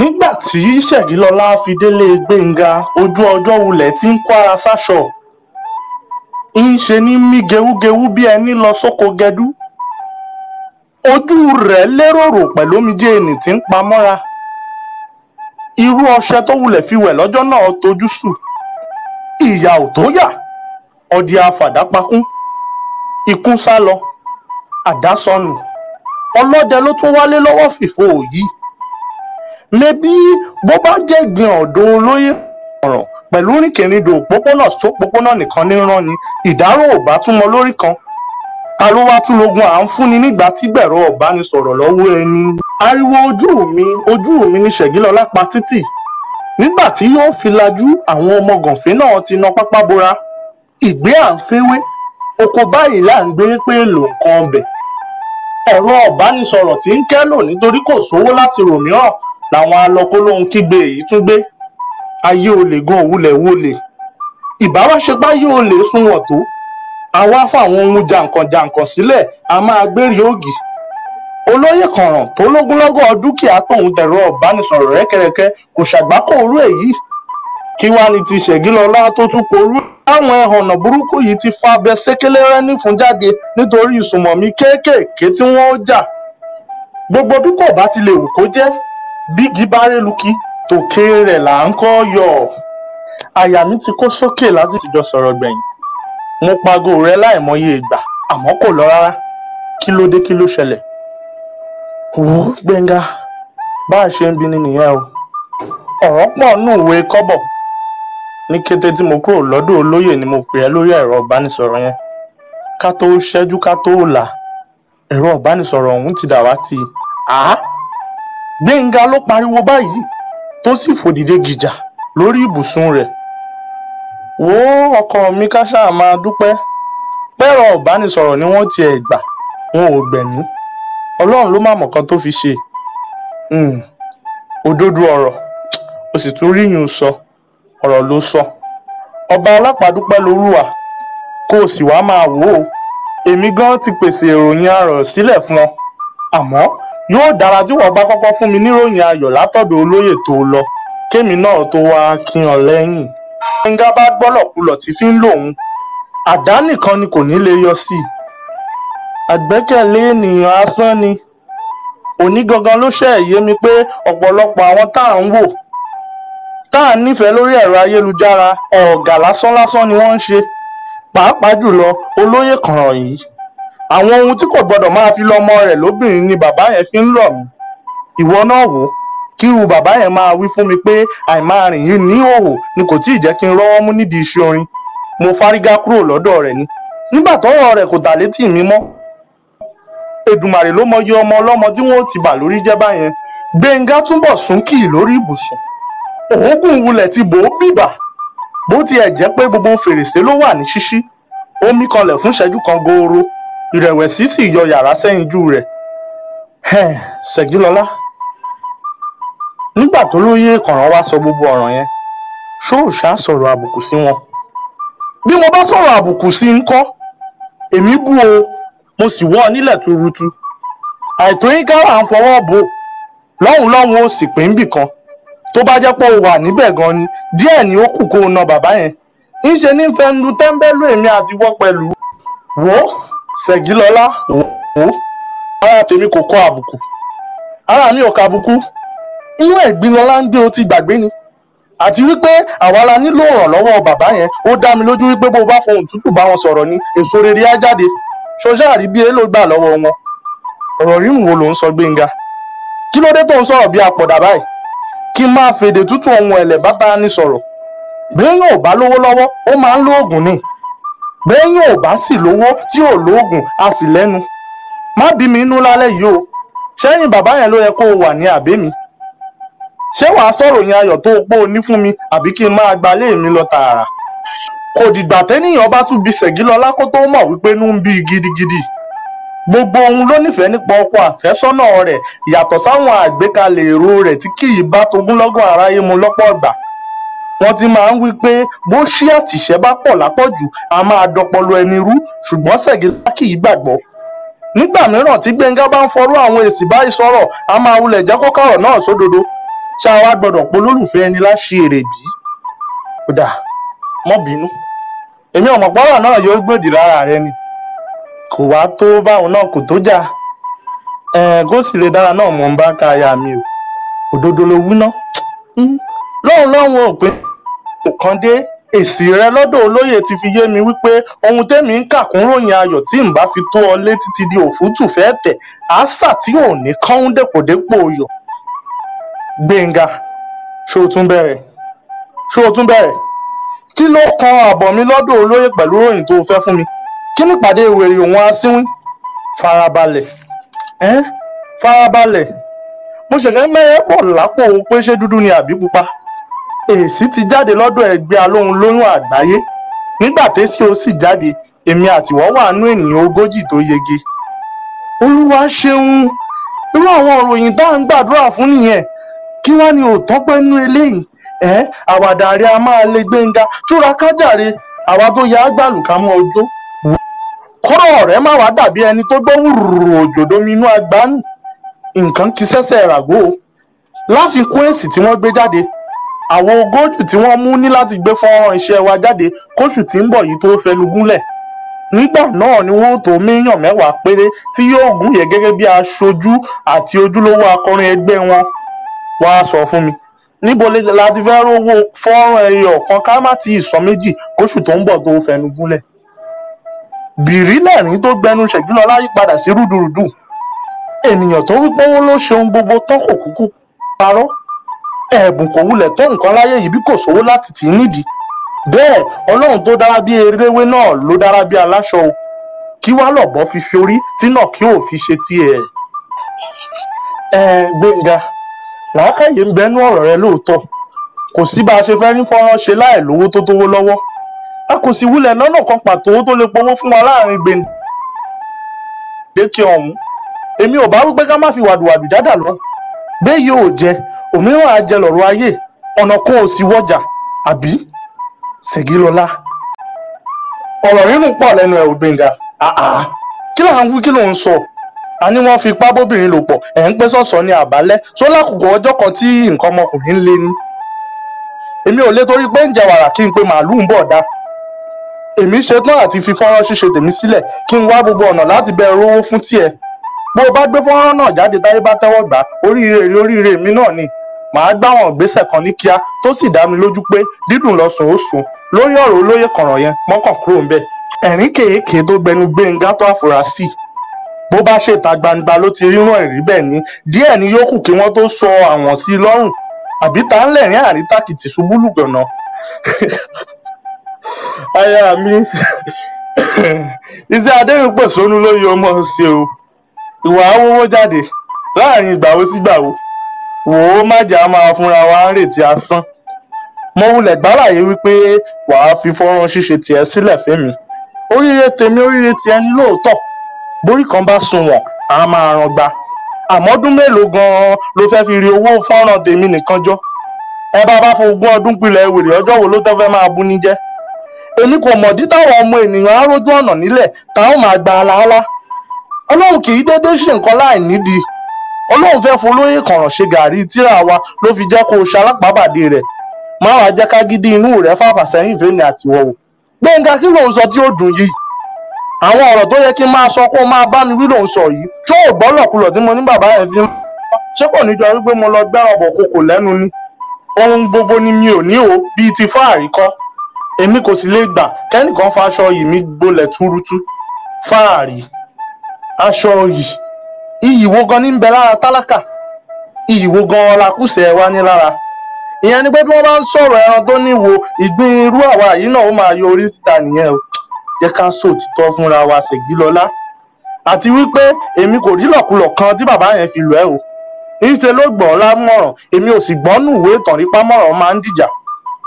nígbà tí ṣẹ̀gilọlá fi délé gbẹ̀ngà ojú ọjọ́ wulẹ̀ tí ń kwara sáṣọ ń ṣe ní mí gerúgerú bí ẹni lọ sóko gẹdú ojú rẹ̀ léròrò pẹ̀lú omijé ẹni tí ń pa mọ́ra irú ọṣẹ tó wulẹ̀ fi wẹ̀ lọ́jọ́ náà tojú sù ìyà ò tó yà ọdí afàdá pakún ikún sá lọ àdá sọnù ọlọ́dẹ ló tún wálé lọ́wọ́ fìfò yìí mebí bó bá jẹ́ ìgbìn ọ̀dọ́ olóyè ọ̀ràn pẹ̀lú rìnkèrindò òpópónà tó pópónà nìkan ní rán ni ìdárò ò bá túmọ̀ lórí kan ta ló wá tún lógun à ń fúnni nígbà tí gbẹ̀rọ ọ̀bánisọ̀rọ̀ lọ́wọ́ ẹni. ariwo ojú mi ojú mi ní ṣẹ̀gílọ́lá pa títì nígbà tí yóò fi lajú àwọn ọmọ gànfẹ́ náà ti na pápá bora ìgbé à ń fẹ́wé oko báyìí là ń gbé pé lò nǹkan ọbẹ̀. ẹ̀rọ ọ̀bánisọ̀rọ̀ tí ń kẹ́lò nítorí kò sówó láti rò mìíràn làwọn alọkólóhun kígbe èyí tún gbé ayé olè gan òwúlẹ̀ wọlé ìbá wá ṣe páyé olè sunwọ̀n tó àwa fáwọn ohun jàǹkànjàǹkàn sílẹ̀ a máa gbérí ògì olóyè kànràn tó lógúnlọ́gọ̀ dúkìá tóun dẹ̀rọ ọ̀bánisọ̀rọ̀ rẹ́kẹrẹkẹ kò ṣàgbákò orú èyí kí wàá ní ti ṣẹ̀gílọ́lá tó tún korú láwọn ẹ̀hànnà burúkú yìí ti fa abẹ sékélérẹ́ nífun jáde nítorí ìsùnmọ̀mí kéékèèké tí wọ́n ó jà gbogbo bí bá ti lè wù kó jẹ́ bígi bá rélukì tòkè rẹ̀ là ń kọ́ yọ̀ àyà mi ti kó sókè láti fìjọ sọ̀rọ̀ gbẹ̀yìn mo pago rẹ láìmọye ìgbà àmọ́ kò lọ rárá kí ló dé kí ló ṣẹlẹ̀ wò ó Gbẹ́ngà bá a ṣe ń bi ni nìyẹn o ọ̀rọ̀ pọ̀ nùwé kọ́bọ̀ ní kété tí mo kúrò lọ́dọ̀ olóyè ni mo pè ẹ́ lórí ẹ̀rọ ìbánisọ̀rọ̀ yẹn ká tó ṣẹ́jú ká tó là ẹ̀rọ ìbánisọ̀rọ̀ ọ̀hún ti dàwátì gbẹ̀ngà ló pariwo báyìí tó sì fò dìde gìjà lórí ibùsùn rẹ̀ wo ọkọ mi ká ṣáà máa dúpẹ́ pẹ́rọ ìbánisọ̀rọ̀ ni wọ́n tiẹ̀ gbà wọn ò gbẹ̀mí ọlọ́run ló màmọ̀ kan tó fi ṣe hmm, òdodo ọ̀rọ̀ o sì tún ríyìn sọ ọ̀rọ̀ ló sọ ọba alápàdúpẹ́ lorúwà kó o sì wá máa wò ó èmi gan ti pèsè ìròyìn arọ̀ sílẹ̀ fún ọ àmọ́ yóò dára tí ìwọ bá kọ́kọ́ fún mi níròyìn ayọ̀ látọ̀dọ̀ olóyè tó lọ kémi náà tó wáá kí ọ lẹ́yìn gbẹ̀ngà bá gbọ́lọ̀kulọ̀ tí fi ń lòun àdá nìkan ni kò ní lè yọ sí i àgbẹ́kẹ̀lé ènìyàn asán ni òní gangan ló ṣe yé mi pé ọ̀pọ̀lọpọ̀ àwọn tá à ń wò tá à ń nífẹ̀ẹ́ lórí ẹ̀rọ ayélujára ọ̀gá lásán lásán ni wọ́n ń ṣe pàápàá jùlọ olóyè kànràn yìí àwọn ohun tí kò gbọdọ̀ máa fi lọ́mọ rẹ̀ lóbìnrin ni bàbá yẹn fi ń lọ̀ mí ìwọ náà wò ó kíru bàbá yẹn máa wí fún mi pé àìmáa rìn yìí ní òhò ni kò tíì jẹ́ kí n rọ́wọ́ mú nídìí iṣẹ́ orin mo fárígá kúrò lọ́dọ̀ rẹ̀ ni nígbà tọ́rọ̀ rẹ̀ kò dà létí mi mọ́ Èdùmàrè ló mọyì ọmọ ọlọ́mọ tí wọ́n ti bà lórí jẹ́ báyẹn Gbẹ́ngà túnbọ̀ sún kì í lórí ibùsùn òógùn wulẹ̀ ti bò ó bìbà bó tiẹ̀ jẹ́ pé gbogbo fèrèsé ló wà ní ṣíṣí ó mí kanlẹ̀ fún ìṣẹ́jú kan gooro ìrẹ̀wẹ̀sì sì yọ yàrá sẹ́yìnjú rẹ̀ ṣẹ́gilọ́lá nígbà tó lóye kọ̀ọ̀rán wá sọ gbogbo ọ̀ràn yẹn ṣóòṣà sọ̀rọ̀ àbùkù sí wọn bí mo bá sọ̀rọ̀ àbùkù sí ń kọ́ èmi bú o mo sì wọ́ ọ nílẹ̀ tuurutu àìtó yín káwà ń fọwọ́ bò lọ́hùn lọ́hùn ó sì pín bì kan tó bá jẹ́ pé o wà níbẹ̀ gan ni díẹ̀ ni ó kù kó o na bàbá yẹn ńṣe ní fẹ́ nu tẹ́ńbẹ́lú èmi àti wọ́ pẹ̀lú ṣègilọ́lá wò ara tèmi kò kọ àbùkù ara mi ò ka àbùkù inú ẹ̀gbin lọ́lá ń gbé o ti gbàgbé ni àti wípé àwa la nílò ìrànlọ́wọ́ bàbá yẹn ó dá mi lójú wípé bó bá fohùn tútù bá wọn sọ̀rọ̀ ni èso rere á jáde ṣọṣẹ́ àríbí èlò gbà lọ́wọ́ wọn ọ̀rọ̀ rírùn wo ló ń sọ Gbénga kí ló dé tó ń sọ̀rọ̀ bí apọ̀dà báyìí kí n máa fèdè tútù ọ̀hún ẹ̀lẹ̀ bá bá ní sọ̀rọ̀ bẹ́ẹ̀ yóò bá lówó lọ́wọ́ ó máa ń lo oògùn ni béèyàn ò bá sì lówó tí ò lóògùn a sì lẹ́nu má bí mi inú lálẹ́ yìí o ṣẹ́yìn bàbá yẹn ló yẹ kó o wà ní àbẹ́ mi ṣé wàá sọ̀rọ̀ yẹn ayọ̀ tó o pé o ní fún mi àbí kí n máa gba ilé mi lọ tààrà kò dìgbà tẹ́nìyàn bá tún bi Ṣẹ̀gílọlá kó tó mọ̀ wípé inú ń bí gidigidi gbogbo ohun ló nífẹ̀ẹ́ nípa ọkọ àfẹ́sọ́nà rẹ̀ yàtọ̀ sáwọn àgbékalẹ̀ èrò rẹ̀ tí kì í bá togúnlọ́gọ̀ aráyé mu lọ́pọ̀ ọgbà wọn ti máa ń wí pé bó ṣí àtìṣe bá pọ lápọjù á máa dọpọlọ ẹni rú ṣùgbọn ṣègìlá kì í gbàgbọ nígbà mìíràn tí gbẹngà bá ń fọrú àwọn èsì báyìí sọrọ á máa wulẹ jẹ kó kọrọ náà sódodo ṣá wa gbọdọ polólùfẹ ẹni láṣì èrè bí kódà mọ bínú èmi ọmọ pọrọ náà yóò gbòdì lára rẹ ni kò wá tó báwọn náà kò tó jà kó dára náà mọ̀ ń bá káyà mi o òdodo ló wí ná. Hmm lóun lòun ò gbé òkàndé èsì rẹ lọdọ olóye ti fi yé mi wípé ohun tẹmí ń kà kún ròyìn ayọ tí n bá fi tó ọ létí ti di òfútù fẹẹ tẹ àásà tí ò ní kọ́hún dépòdépò yọ gbẹ̀ngà ṣó o tún bẹ̀rẹ̀ ṣó o tún bẹ̀rẹ̀ kí ló kan àbọ̀ mi lọ́dọ̀ olóyè pẹ̀lú ròyìn tó fẹ́ fún mi kí nípàdé ìwèrè òun asínwín farabalẹ̀ farabalẹ̀ mo ṣẹ̀ṣẹ̀ mẹ́rẹ̀ pọ̀ lápò pé ṣé dúdú ni àbí pupa èsì ti jáde lọ́dọ̀ ẹgbẹ́ alóhun lóyún àgbáyé nígbà tẹ́sí ó sì jáde èmi àtìwọ́ wà nú ènìyàn ogójì tó yege olúwa ṣeun irú àwọn òròyìn tá à ń gbàdúrà fún nìyẹn kí wá ní òótọ́ pẹ́ nú eléyìí ẹ̀ àwàdà rẹ̀ a máa lè gbẹ̀ngà túra kájàre àwa tó yá gbàlùkà mọ́ ọjọ́ kọ́rọ̀ ọ̀rẹ́ má wàá dàbí ẹni tó gbọ́ wùrùrù òjòdó inú agbánu nǹkan kí sẹ́sẹ̀ ràgó láfikún èsì tí wọ́n gbé jáde àwọn ogójì tí wọn mú ní láti gbé fọnrán iṣẹ wa jáde kóṣù tí ń bọ yìí tóó fẹnu gúnlẹ nígbà náà ni wọn ó tó mílíọnù mẹwàá péré tí yóò gúnyẹ gẹgẹ bí aṣojú àti ojúlówó akọrin ẹgbẹ wọn wàá sọ fún mi níbo la ti fẹ́ rówó fọ́nrán ẹyọ kan ká má ti ìsọ méjì kóṣù tó ń bọ̀ tó fẹnu gúnlẹ̀ bìrí lẹ́rìn tó gbẹnu ṣẹ̀gbìnlọ́lá yí padà sí rúdurùdu ènìyàn tó wípé wọn ló ṣe ohun gbogbo tán kò kúkú parọ́ ẹ̀bùn kò wulẹ̀ tó nǹkan láyé yìí bí kò sówó láti tì í nídìí bẹ́ẹ̀ ọlọ́run tó dára bí eréwé náà ló dára bí aláṣọ o kí wá lọ̀bọ fi fi orí tí náà kí ò fi ṣe tiẹ̀. ẹ gbẹ̀ngà làákàyè ń bẹnu ọ̀rọ̀ rẹ lóòótọ́ kò sí bá a ṣe fẹ́ rí fọ́nrán ṣe láì lówó tó tówó lọ́wọ́ a kò sì wulẹ̀ lọ́nà kan pàtó tó lè powó fún wa láàrin gbèǹdéke ọ̀hún èmi ò bá wípé ká má fi wàdùwàdù jádà lọ bẹ́ẹ̀ yóò jẹ òmíràn àjẹ lọ̀rọ̀ ayé ọ̀nà kan ò sí wọ́jà àbí ṣègilọ́lá ọ̀rọ̀ rírùn pọ̀ lẹ́nu ẹ̀ ògbéǹga kí là ń wí kí ló ń a ní wọ́n fi lò pọ̀ ẹ̀ ń pẹ́ sọ̀sọ̀ ní àbálẹ́ só ọjọ́ kan tí nǹkan ọmọkùnrin ń lé ní èmi ò lè torí pé ń jẹ wàrà kí n pe màálù ń bọ̀ dá fi fọ́nrán ṣíṣe tèmi sílẹ̀ kí gbogbo ọ̀nà láti bẹ fún tiẹ̀ bó o bá gbé fọ́nrán máa gbáwọn ìgbésẹ kan ní kíá tó sì dá mi lójú pé dídùn lọsùn ó sùn lórí ọrọ olóyè kọrọ yẹn mọkàn kúrò ńbẹ ẹrín kèékèé tó gbẹnu gbẹngà tó àfúrásì bó bá ṣèta gbangba ló ti rírun ẹrí bẹẹ ni díẹ ni yóò kù kí wọn tó sọ àwọn sí i lọrùn àbí ta ń lẹrìn àrítàkìtì ṣubú lùgànà aya mi iṣẹ́ adẹ́rìn pẹ̀sónú ló yọ ọmọ ṣe o ìwà awówó jáde láàrin ìgbàwo sígbàwo wò ó má jàá máa fúnra wa ń retí asán mo wulẹ̀ gbàláyé wípé wàá fi fọ́nrán ṣíṣe tiẹ̀ sílẹ̀ fẹ́mi oríire tèmi oríire tiẹ̀ ni lóòótọ́ borí kan bá sunwọ̀n á máa ran gba àmọ́dún mélòó gan-an ló fẹ́ fi rí owó fọ́nrán tèmi nìkan jọ ẹ bá bá fún ogún ọdún pilẹ̀ wèrè ọjọ́ wo ló tẹ́ fẹ́ máa bú ní jẹ́ èmi kò mọ̀dí táwọn ọmọ ènìyàn á rójú ọ̀nà nílẹ̀ táwọn máa gba aláàlá ọlọ́run kì í déédéé ṣe nǹkan láì nídìí ọlọ́run fẹ́ fún olóyè kànràn ṣe gàárì tíra wa ló fi jẹ́ kó o ṣalápàbàdé rẹ̀ má wàá jẹ́ ká gidi inú rẹ̀ fàfà sẹ́yìn fèmí àtiwọ́wò gbẹ̀ngà kí ló sọ tí ó dùn yìí àwọn ọ̀rọ̀ tó yẹ kí n máa sọ kó máa bá mi wí ló sọ yìí tó ò gbọ́ lọ̀kulọ̀ tí mo ní bàbá ẹ̀ fi ń ṣé kò ní jọrí pé mo lọ gbá ọ̀bọ̀ kòkò lẹ́nu ni ohun gbogbo ni mi ò ní o bíi ti fáàrí kọ́ èmi kò sì lè gbà kẹ́nìkan faṣọ yìí mi gbolẹ̀ túrútú fáàrí aṣọ yìí iyì wo gan ní ń bẹ lára tálákà iyì wo gan lakúṣẹ̀ wa ní lára ìyẹn ni pé bí wọ́n bá ń sọ̀rọ̀ ẹran tó níwo ìgbín irú àwa yìí náà ó máa yọ orí síta nìyẹn o jẹ́ ká sòtítọ́ fúnra wa Ṣègilọlá àti wípé èmi kò rí lọ̀kulọ̀ kan tí bàbá yẹn fi lù ẹ́ o ìṣe ló gbọ̀n lámọ̀ràn èmi ò sì gbọ́n nùwé ìtàn nípa mọ̀ràn máa ń dìjà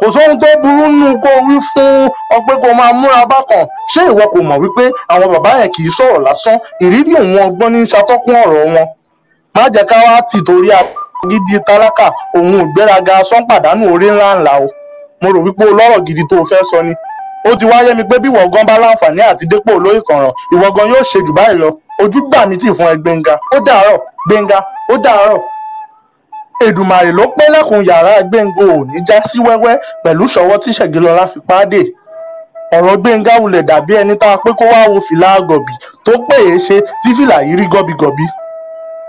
kò sóhun tó burú nù kó wí fún ọ pé kó máa múra bákan ṣé ìwọ kò mọ̀ wípé àwọn bàbá yẹn kì í sọ̀rọ̀ lásán ìrírí òun ọgbọ́n ní ṣàtọ́kùn ọ̀rọ̀ wọn má jẹ́ ká wá tì torí agídí tálákà òun ìgbéraga asán pàdánù orí ńlá ńlá o mo rò wípé o lọ́rọ̀ gidi tó o fẹ́ sọ ni ó ti wáyé mi pé bí ìwọ gan bá láǹfààní àti dépò olóyè kànràn ìwọ gan yóò ṣe jù báyìí lọ ojú gbà mí tì fún ẹ Gbénga ó dàárọ̀ Gbénga ó dàárọ̀ èdùmàrè ló pẹ́ lẹ́kùn yàrá gbẹ̀ngàn ò ní í já sí wẹ́wẹ́ pẹ̀lú ìṣọwọ́ tí ṣègilọlá fi pa á dé ọ̀rọ̀ gbẹ̀ngà wulẹ̀ dàbí ẹni tá a pé kó wáá wo fìlà gọ̀bì tó pé èé ṣe tí fìlà yìí rí gọ̀bìgọ̀bì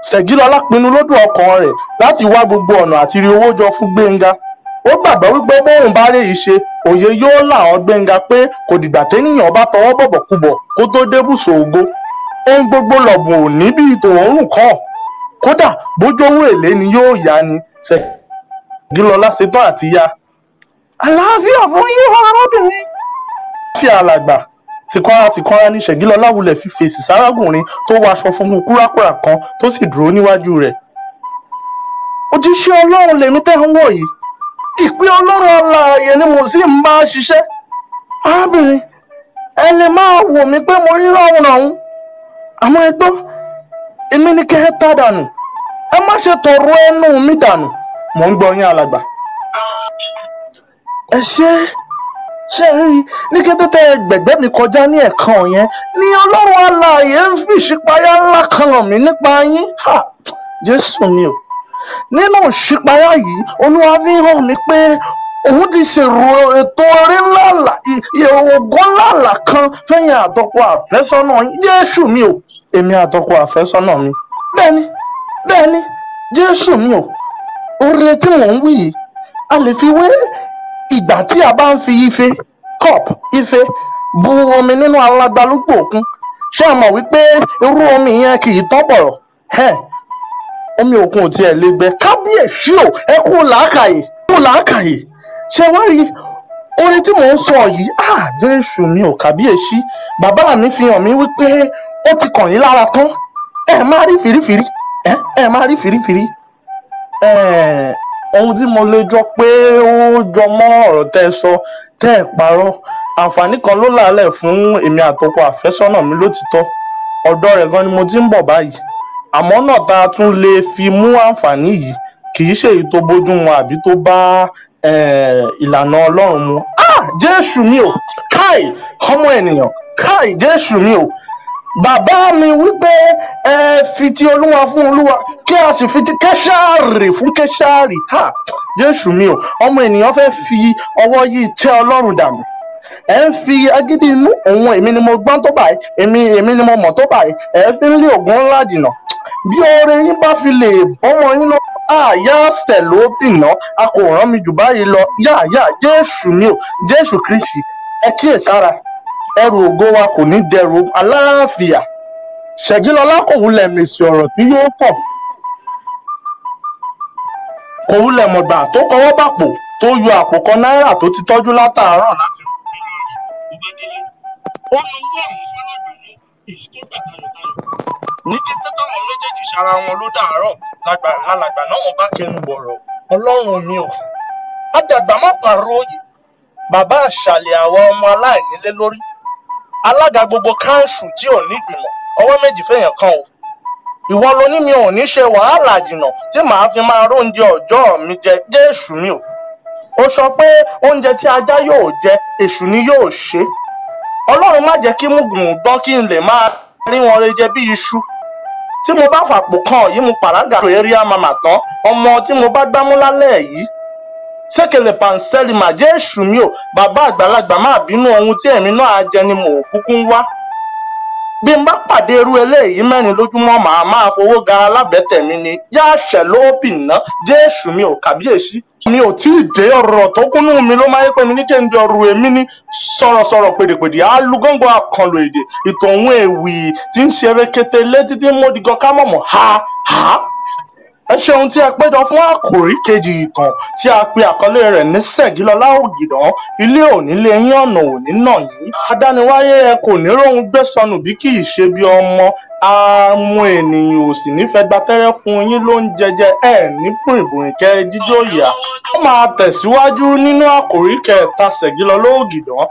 ṣègilọlá pinnu lódò ọkàn rẹ̀ láti wá gbogbo ọ̀nà àti rí owó jọ fún gbẹ̀ngà ó gbàgbọ́ wípé bóun bá rèé ṣe òye yóò làwọn gbẹ̀ngà pé kò dìgbà ténìyàn bá tọwọ́ bọ̀bọ̀ kubọ̀ kó tó débùsọ̀ ògo ohun gbogbo lọ̀bùn òní bíi tòun rùn kàn kódà bójú owó èlé ni yóò yá ni ṣègilọlá ṣetán àti ya àlàáfíà fún yín arábìnrin. ṣé alàgbà tìkanra tìkanra ni ṣègilọlá wulẹ̀ fi fèsì sárákùnrin tó wọ aṣọ funfun kúrákúrá kan tó sì dúró níwájú rẹ̀. òjíṣẹ́ ọlọ́run lèmi tẹ́ ń wò yìí ìpín ọlọ́run alààyè ni mo sì ń bá ṣiṣẹ́ arábìnrin ẹ lè máa wò mí pé mo rí rọrùn ọ̀hún àmọ́ ẹ gbọ́ èmi ni kẹ́ ẹ ta dànù ẹ má ṣe tọrọ ẹnu mi dànù mò ń gbọ́ yín alàgbà. ẹ ṣe ṣe rí i ní kété tẹ gbẹ̀gbẹ́ mi kọjá ní ẹ̀kan yẹn ni ọlọ́run alààyè ń fi ìṣípayá ńlá kan hàn mí nípa yín jésù mi o nínú ìṣípayá yìí olúwa fi hàn mí pé òun ti ṣèrò ètò eré ńláńlá ògùn ńláńlá kan fẹ́yìn àtọkọ àfẹ́sọ́nà jésù mi o èmi àtọkọ àfẹ́sọ́nà mi bẹ́ẹ̀ni bẹ́ẹ̀ni jésù mi o oore tí mò ń wí yìí a lè fi wé ìgbà tí a bá ń fi ife cup ife bu omi nínú alágbálúgbò òkun ṣé a mọ̀ wípé irú omi yẹn kì í tán bọ̀rọ̀ omi òkun ò tiẹ̀ lè gbẹ kábíyèsí o ẹ kú làákàyè kú làákàyè ṣé wá rí orin tí mò ń sọ yìí àdé ah, èṣù mi ò kábíyèsí bàbá mi fi hàn mí wípé ó ti kàn yín lára tán ẹ máa rí fìrífìrí ẹ ẹ máa rí fìrífìrí ẹ ohun tí mo lè jọ pé ó jọ mọ́ ọ̀rọ̀ tẹ́ ẹ sọ tẹ́ ẹ parọ́ àǹfààní kan ló làálẹ̀ fún èmi àtọkọ àfẹ́sọ́nà mi lótìtọ́ ọ̀dọ̀ rẹ̀ gan ni mo ti ń bọ̀ báyìí àmọ́ náà tá a tún lè fi mú àǹfààní yìí kì í ṣe èyí tó bójú mu àbí tó bá Eh, ìlànà ọlọ́run mu ah jésù mi o káì ọmọ ènìyàn káì jésù mi o bàbá mi wípé ẹ fi ti olúwa fún olúwa kí a sì fi ti kẹsàárì fún kẹsàárì ha jésù mi o ọmọ ènìyàn fẹ́ fi ọwọ́ yìí tẹ́ ọlọ́run dànù ẹ ń fi agídí inú òun èmi ni mo gbọ́n tó báyìí èmi èmi ni mo mọ̀ tó báyìí ẹ fi ń lé ògùn ńlá jìnnà bí oore yín bá fi lè bọ́mọ yín lọ́wọ́ àyàfẹ ló dìná a kò rán mi jù báyìí lọ yáàyà jésù ni o jésù kristi ẹ kíyèsára ẹrù ògo wa kò ní dẹrù aláàfíà ṣègilọlá kò wulẹ̀ mèsì ọ̀rọ̀ tí yóò pọ̀ kò wulẹ̀ mọ̀gbà tó kọwọ́ bàpò tó yọ àpò kan náírà tó ti tọ́jú látàárọ̀ láti rò ó ó lọ wọ́ àwọn fọlọ́gbìn ní èyí tó gbà tayọ̀tayọ̀ ní kété táwọn méjèèjì ṣara wọn ló dàárọ̀ lálàgbà náà wọn bá kẹnu bọ̀rọ̀ ọlọ́run mi ò àdàgbà má pààrọ̀ òye bàbá àṣàlẹ̀ àwọn ọmọ aláìnílé lórí alága gbogbo káńsù tí ò ní ìgbìmọ̀ ọwọ́ méjì fẹ̀yàn kan o ìwọ ló ní mi ò ní ṣe wàhálà jìnnà tí màá fi máa róúnjẹ ọjọ́ mi jẹ jẹ́ èṣù mi o ó sọ pé oúnjẹ tí ajá yóò jẹ èṣù ni yóò ṣe ọlọ́run má jẹ́ kí múgùn gbọ́n kí n lè máa rí wọn rẹ jẹ bí iṣu tí mo bá fàpò kan yìí mo pàrágà rò eré àmàmà tán ọmọ tí mo bá gbámú lálẹ́ yìí sékèlè pàǹsẹ́lì màjẹ́ èṣù mi ò bàbá àgbàlagbà má bínú ohun tí ẹ̀mí náà á jẹ ni mò ń kúkú ń wá bí n bá pàdé irú eléyìí mẹ́rin lójúmọ́ màá máa fowó ga alábẹ́tẹ̀ mi ni yá àṣẹ ló bìnná jésù mi ò kàbíyèsí mi ò tí ì dé ọ̀rọ̀ tó kúnnú mi ló máa ń pè mí ní kéńdé ọ̀rọ̀ èmi ní sọ̀rọ̀sọ̀rọ̀ pèdèpèdè alugọ́ngbọ̀ àkànlò èdè ìtọ̀hún èwì tí ń ṣe erékété létí tí ń módigan kámọ̀mọ̀ ha ha ẹ ṣeun tí ẹ péjọ fún àkòrí kejì ìtàn tí a pe àkọlé rẹ̀ ní ṣègilọlá ògìdán ilé òní lè yín ọ̀nà òní nà yín adániwáyé ẹ kò ní róhun gbé sọnù bí kì í ṣe bí ọmọ àmú ènìyàn ò sì nífẹ̀ẹ́ gbatẹ́rẹ́ fún yín ló ń jẹjẹ ẹ ní bùrìbùrì kẹ jíjó ìyá ó máa tẹ̀síwájú nínú àkòrí kẹta ṣègilọlá ògìdán